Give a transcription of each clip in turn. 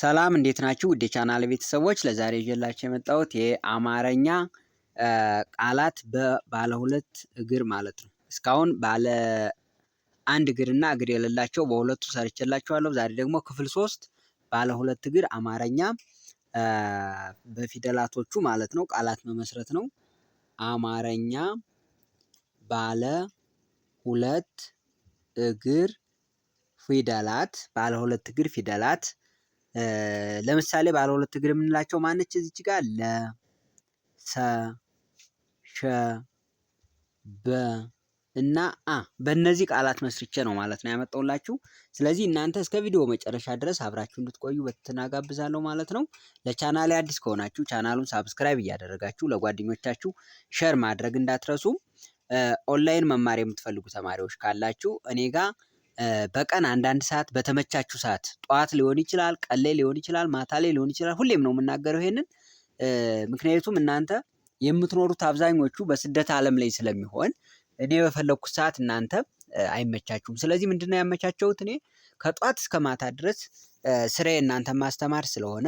ሰላም እንዴት ናችሁ? ውድ የቻናል ቤተሰቦች ለዛሬ ይዤላችሁ የመጣሁት የአማርኛ ቃላት በባለ ሁለት እግር ማለት ነው። እስካሁን ባለ አንድ እግርና እግር የሌላቸው በሁለቱ ሰርቼላችኋለሁ። ዛሬ ደግሞ ክፍል ሶስት ባለ ሁለት እግር አማርኛ በፊደላቶቹ ማለት ነው ቃላት መመስረት ነው። አማርኛ ባለ ሁለት እግር ፊደላት ባለ ሁለት እግር ፊደላት ለምሳሌ ባለ ሁለት እግር የምንላቸው ማነች? እዚች ጋር ለ ሰ ሸ በ እና አ በእነዚህ ቃላት መስርቼ ነው ማለት ነው ያመጣውላችሁ። ስለዚህ እናንተ እስከ ቪዲዮ መጨረሻ ድረስ አብራችሁ እንድትቆዩ በትህትና ጋብዛለሁ ማለት ነው። ለቻናሌ አዲስ ከሆናችሁ ቻናሉን ሳብስክራይብ እያደረጋችሁ ለጓደኞቻችሁ ሸር ማድረግ እንዳትረሱ። ኦንላይን መማር የምትፈልጉ ተማሪዎች ካላችሁ እኔ ጋር በቀን አንዳንድ ሰዓት በተመቻችሁ ሰዓት ጠዋት ሊሆን ይችላል፣ ቀን ላይ ሊሆን ይችላል፣ ማታ ላይ ሊሆን ይችላል። ሁሌም ነው የምናገረው ይሄንን ምክንያቱም እናንተ የምትኖሩት አብዛኞቹ በስደት ዓለም ላይ ስለሚሆን እኔ በፈለግኩት ሰዓት እናንተ አይመቻችሁም። ስለዚህ ምንድነው ያመቻቸውት እኔ ከጧት እስከ ማታ ድረስ ስራዬ እናንተ ማስተማር ስለሆነ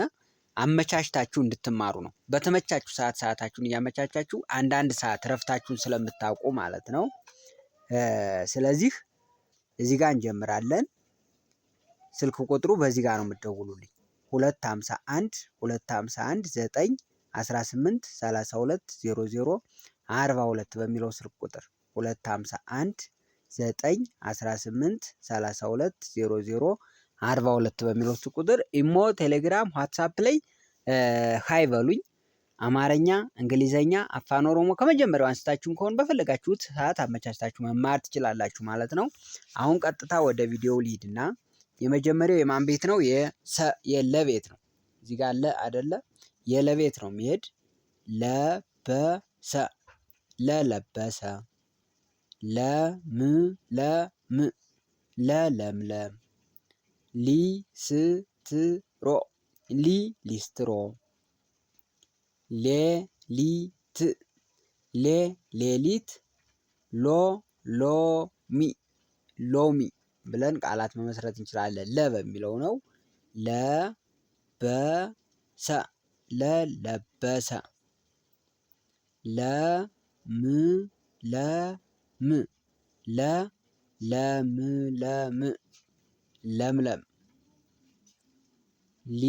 አመቻችታችሁ እንድትማሩ ነው። በተመቻችሁ ሰዓት ሰዓታችሁን እያመቻቻችሁ አንዳንድ ሰዓት እረፍታችሁን ስለምታውቁ ማለት ነው። ስለዚህ እዚህ ጋር እንጀምራለን። ስልክ ቁጥሩ በዚህ ጋር ነው የምትደውሉልኝ። ሁለት ሀምሳ አንድ ሁለት ሀምሳ አንድ ዘጠኝ አስራ ስምንት ሰላሳ ሁለት ዜሮ ዜሮ አርባ ሁለት በሚለው ስልክ ቁጥር ሁለት ሀምሳ አንድ ዘጠኝ አስራ ስምንት ሰላሳ ሁለት ዜሮ ዜሮ አርባ ሁለት በሚለው ስልክ ቁጥር ኢሞ፣ ቴሌግራም፣ ዋትሳፕ ላይ ሀይ በሉኝ። አማርኛ፣ እንግሊዘኛ፣ አፋን ኦሮሞ ከመጀመሪያው አንስታችሁም ከሆነ በፈለጋችሁት ሰዓት አመቻችታችሁ መማር ትችላላችሁ ማለት ነው። አሁን ቀጥታ ወደ ቪዲዮው ሊድና የመጀመሪያው የማን ቤት ነው? የለ ቤት ነው። እዚህ ጋር ለ አደለ? የለቤት ነው የሚሄድ ለበሰ፣ ለለበሰ፣ ለም ለም ለለምለም፣ ሊስትሮ፣ ሊ ሊስትሮ ሌሊት ሌ ሌሊት ሎ ሎሚ ሎሚ ብለን ቃላት መመስረት እንችላለን። ለ በሚለው ነው። ለ በሰ ለለበሰ ለ ም ለ ም ለ ለምለም ለምለም ሊ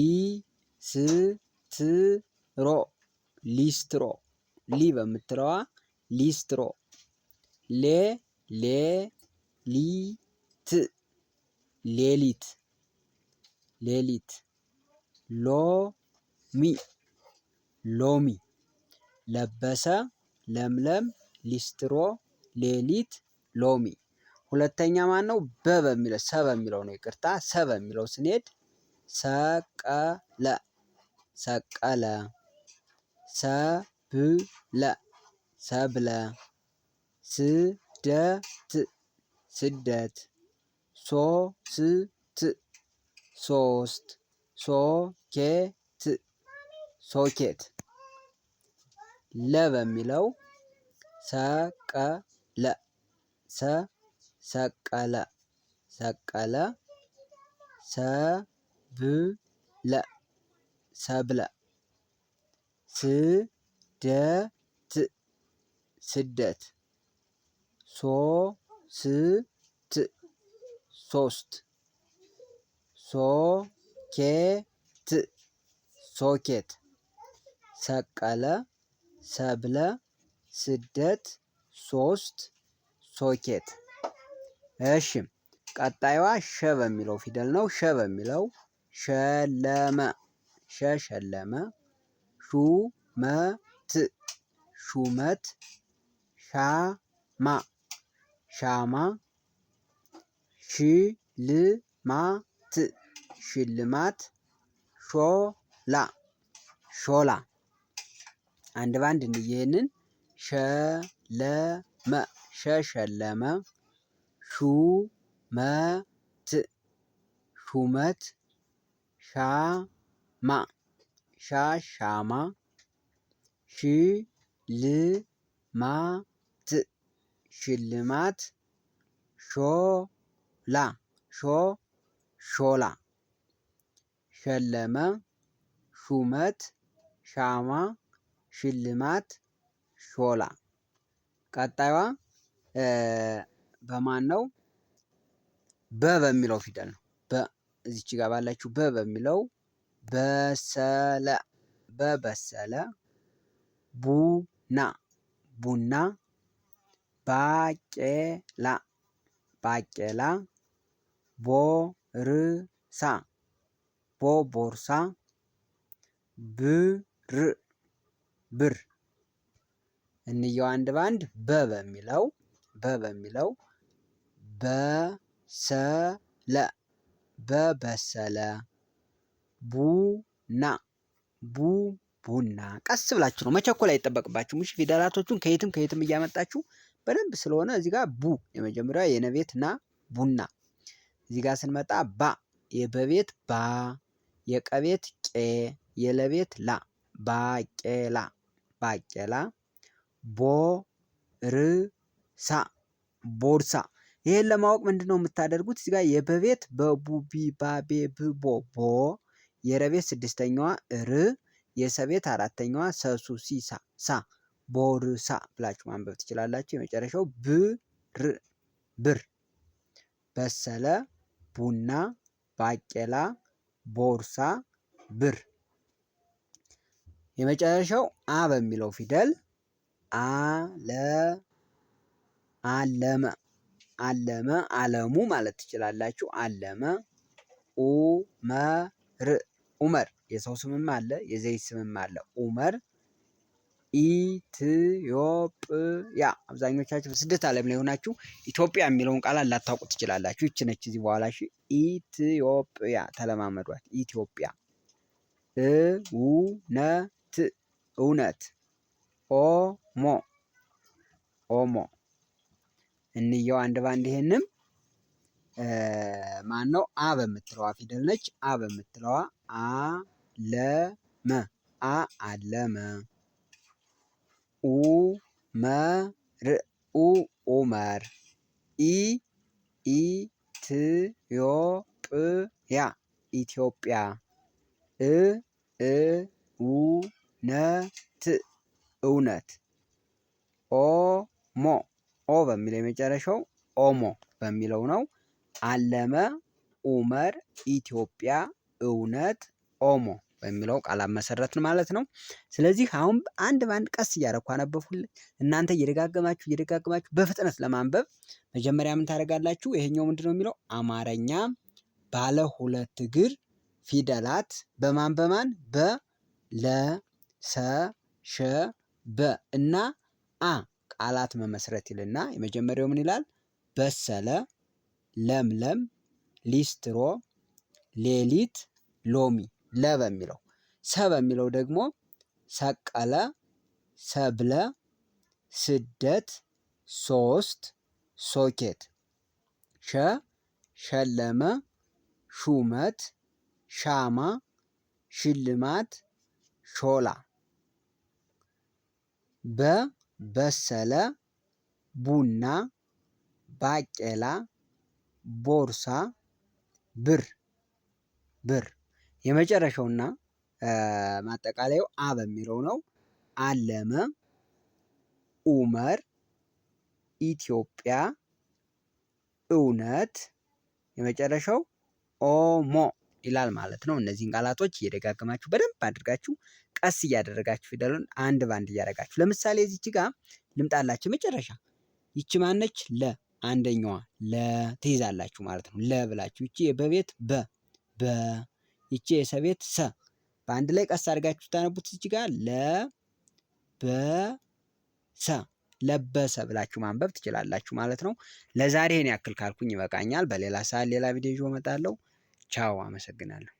ስ ት ሮ ሊስትሮ ሊ በምትለዋ ሊስትሮ ሌ ሌ ሊ ት ሌሊት ሌሊት ሚ ሎሚ ለበሰ ለምለም ሊስትሮ ሌሊት ሎሚ ሁለተኛ ማን ነው? በ በሚለው ሰ በሚለው ነው። ይቅርታ ሰ በሚለው ስንሄድ ሰቀለ ሰቀለ ሰብለ ሰብለ ስደት ስደት ሶስት ሶስት ሶኬት ሶኬት ለ በሚለው ሰቀለ ሰ ሰቀለ ሰቀለ ሰብለ ሰብለ ስደት ስደት ሶስት ሶስት ሶኬት ሶኬት ሰቀለ ሰብለ ስደት ሶስት ሶኬት። እሺ ቀጣዩዋ ሸ በሚለው ፊደል ነው። ሸ በሚለው ሸለመ ሸ ሸለመ ሹመት ሹመት ሻማ ሻማ ሽልማት ሽልማት ሾላ ሾላ አንድ ባንድ እንይህንን ሸለመ ሸሸለመ ሹመት ሹመት ሻማ ሻሻማ ሽልማት ሽልማት ሾላ ሾ ሾላ ሸለመ ሹመት ሻማ ሽልማት ሾላ ቀጣይዋ በማን ነው? በ በሚለው ፊደል ነው። በ እዚች ጋር ባላችሁ በ በሚለው በሰለ በበሰለ ቡና ቡና ባቄላ ባቄላ ቦርሳ ቦቦርሳ ብር ብር እንየው አንድ በአንድ በ በሚለው በ በሚለው በሰለ በበሰለ ቡና ቡ ቡና ቀስ ብላችሁ ነው መቸኮል አይጠበቅባችሁም። እሺ ፊደላቶቹን ከየትም ከየትም እያመጣችሁ በደንብ ስለሆነ እዚህ ጋር ቡ የመጀመሪያ የነቤት ና ቡና እዚህ ጋር ስንመጣ ባ የበቤት ባ የቀቤት ቄ የለቤት ላ ባቄላ ባቄላ ሳ ቦርሳ ይህን ለማወቅ ምንድን ነው የምታደርጉት? እዚህ ጋር የበቤት በቡ ቢ ባቤ ብቦ ቦ የረቤት ስድስተኛዋ ር የሰቤት አራተኛዋ ሰሱ ሲሳ ሳ ቦርሳ ብላችሁ ማንበብ ትችላላችሁ። የመጨረሻው ብር ብር። በሰለ ቡና ባቄላ ቦርሳ ብር። የመጨረሻው አ በሚለው ፊደል አለ አለመ አለመ አለሙ ማለት ትችላላችሁ። አለመ ኡመር ኡመር የሰው ስምም አለ፣ የዘይት ስምም አለ። ኡመር ኢትዮጵያ አብዛኞቻችሁ ስደት ዓለም ላይ ሆናችሁ ኢትዮጵያ የሚለውን ቃል ላታውቁ ትችላላችሁ። ይች ነች እዚህ በኋላ ኢትዮጵያ ተለማመዷት። ኢትዮጵያ እውነት እውነት ኦሞ ኦሞ እንየው አንድ ባንድ ይሄንም ነው? አ በምትለዋ ፊደል ነች። አ በምትለዋ አ መ አ አለመ ኡ ር ኡ ኡመር ኢ ኢትዮጵያ ኢትዮጵያ እ እ ው ነ ት እውነት ኦሞ ኦ በሚለው የመጨረሻው ኦሞ በሚለው ነው። አለመ ኡመር ኢትዮጵያ እውነት ኦሞ በሚለው ቃላት መሰረትን ማለት ነው። ስለዚህ አሁን አንድ በአንድ ቀስ እያደረኩ አነበብኩልህ። እናንተ እየደጋገማችሁ እየደጋገማችሁ በፍጥነት ለማንበብ መጀመሪያ ምን ታደርጋላችሁ? ይሄኛው ነው የሚለው አማርኛ ባለ ሁለት እግር ፊደላት በማን በማን በ ለ ሰ ሸ በ እና አ ቃላት መመስረት ይልና የመጀመሪያው ምን ይላል? በሰለ ለምለም ሊስትሮ ሌሊት ሎሚ ለ በሚለው ሰ በሚለው ደግሞ ሰቀለ ሰብለ ስደት ሶስት ሶኬት ሸ ሸለመ ሹመት ሻማ ሽልማት ሾላ በ በሰለ ቡና ባቄላ ቦርሳ ብር ብር የመጨረሻውና ማጠቃለያው አ በሚለው ነው። አለመ ኡመር ኢትዮጵያ እውነት የመጨረሻው ኦሞ ይላል ማለት ነው። እነዚህን ቃላቶች እየደጋገማችሁ በደንብ አድርጋችሁ ቀስ እያደረጋችሁ ፊደሉን አንድ በአንድ እያደረጋችሁ ለምሳሌ እዚች ጋር ልምጣላችሁ መጨረሻ ይች ማነች ለ አንደኛዋ ለ ትይዛላችሁ ማለት ነው። ለ ብላችሁ ይቺ የበቤት በ በ ይቺ የሰቤት ሰ በአንድ ላይ ቀስ አድርጋችሁ ታነቡት። እዚህ ጋር ለ በ ሰ ለበሰ ብላችሁ ማንበብ ትችላላችሁ ማለት ነው። ለዛሬ ይህን ያክል ካልኩኝ ይበቃኛል። በሌላ ሰዓት ሌላ ቪዲዮ ይዤ እመጣለሁ። ቻው፣ አመሰግናለሁ።